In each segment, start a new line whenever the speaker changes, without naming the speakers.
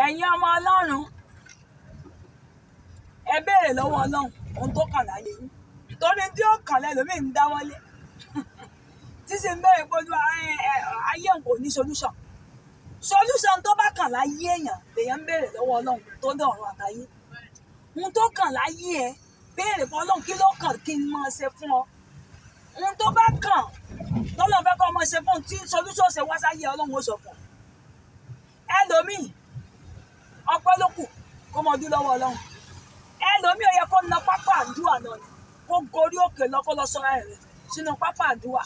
ẹ̀yin ọmọ ọlọ́run ẹ béèrè lọ́wọ́ ọlọ́run ohun tó kàn láyé yín torí tí ó kàn lẹ́lòmíì ń dáwọ́lé tí sì ń bẹ̀rẹ̀ pé ayé òun kò ní solution solution tó bá kàn láyé èèyàn lèèyàn ń béèrè lọ́wọ́ ọlọ́run tó dé ọ̀run àtayé ohun tó kàn láyé ẹ béèrè pé ọlọ́run kí ló kàn kí n máa ṣe fún ọ ohun tó bá kàn lọ́lọ́run fẹ́ kọ́ ọmọ ṣe fún ọ tí solution ṣe wá sáyé ọlọ́run ó sọ fún ọ ẹlòmíì mọ dún lọ́wọ́ ọlọ́run ẹlòmíì ó yẹ kó lọ pápá àdúrà lọ ni kó gorí òkè lọ kó lọ sọ ẹ rẹ sínú pápá àdúrà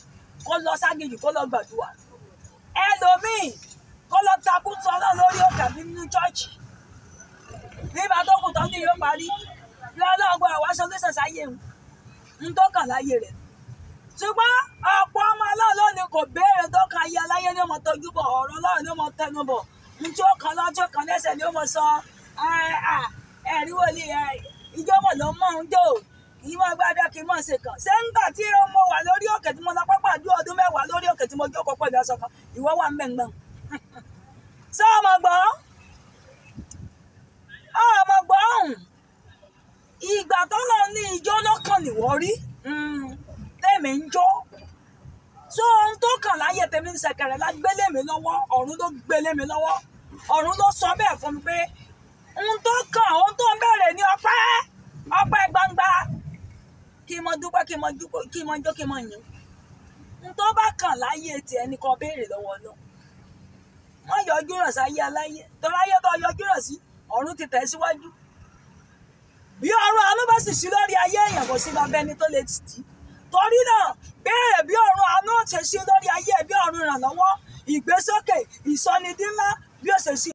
kó lọ ságéjì kó lọ gbàdúrà ẹlòmíì kó lọ takú sọ ọlọ́run lórí òkè àbí nínú chọ́ọ̀chì nígbà tó kù tán ní yóò parí lọ́lọ́gbọ́n àwọn aṣọ lẹ́sẹ̀ sáyé ń tọ́kàn láyé rẹ̀ ṣùgbọ́n ọ̀pọ̀ ọmọ ọlọ́run ni kò béèrè tọ́kàn ayé aláyé ni ó mọ tọ́jú bọ̀ ọ̀rọ̀ ọlọ́run ni ó tẹnu bọ̀ ní tí ó kan lọ́jọ́ kan lẹ́sẹ̀ ni ó mọ sọ ẹ̀rí wòlíì ìjọ mọ̀ ló mọ̀ ń jò kì í mọ̀ kì í mọ̀ ṣe kàn ṣé ń gbà tí wà lórí òkè tí mo lọ pápá àdúrà ọdún mẹ́wàá lórí òkè tí mo jókòó pẹ̀lú kan wà ṣé ọmọ gbọ́ ọmọ gbọ́ ọ̀hún ìgbà tó lọ ní ìjọ lọ́kàn nìwọ́ rí hmm, so ohun tó kàn láyé tẹ̀mí ń lọ́wọ́ ọ̀run ló gbélé ohun tó kàn ohun tó ń bẹ̀rẹ̀ ní ọpẹ́ ọpẹ́ gbangba kí mo dúpẹ́ kí mo dúpẹ́ kí mo jó kí mo yìn ohun tó bá kàn láyé tiẹ̀ ní kan béèrè lọ́wọ́ náà wọ́n yọjú ràn sáyé aláyé tọ́láyé tó yọjú ràn sí ọ̀run ti tẹ̀ síwájú bí ọ̀run àánú bá sì sí lórí ayé èèyàn kò sí bàbá ẹni tó lè tìtì torí náà béèrè bí ọ̀run àánú ò ṣe sí lórí ayé bí ọ̀run ràn lọ́wọ́ ìgbésókè ìsọnidínlá bí ó ṣe sí.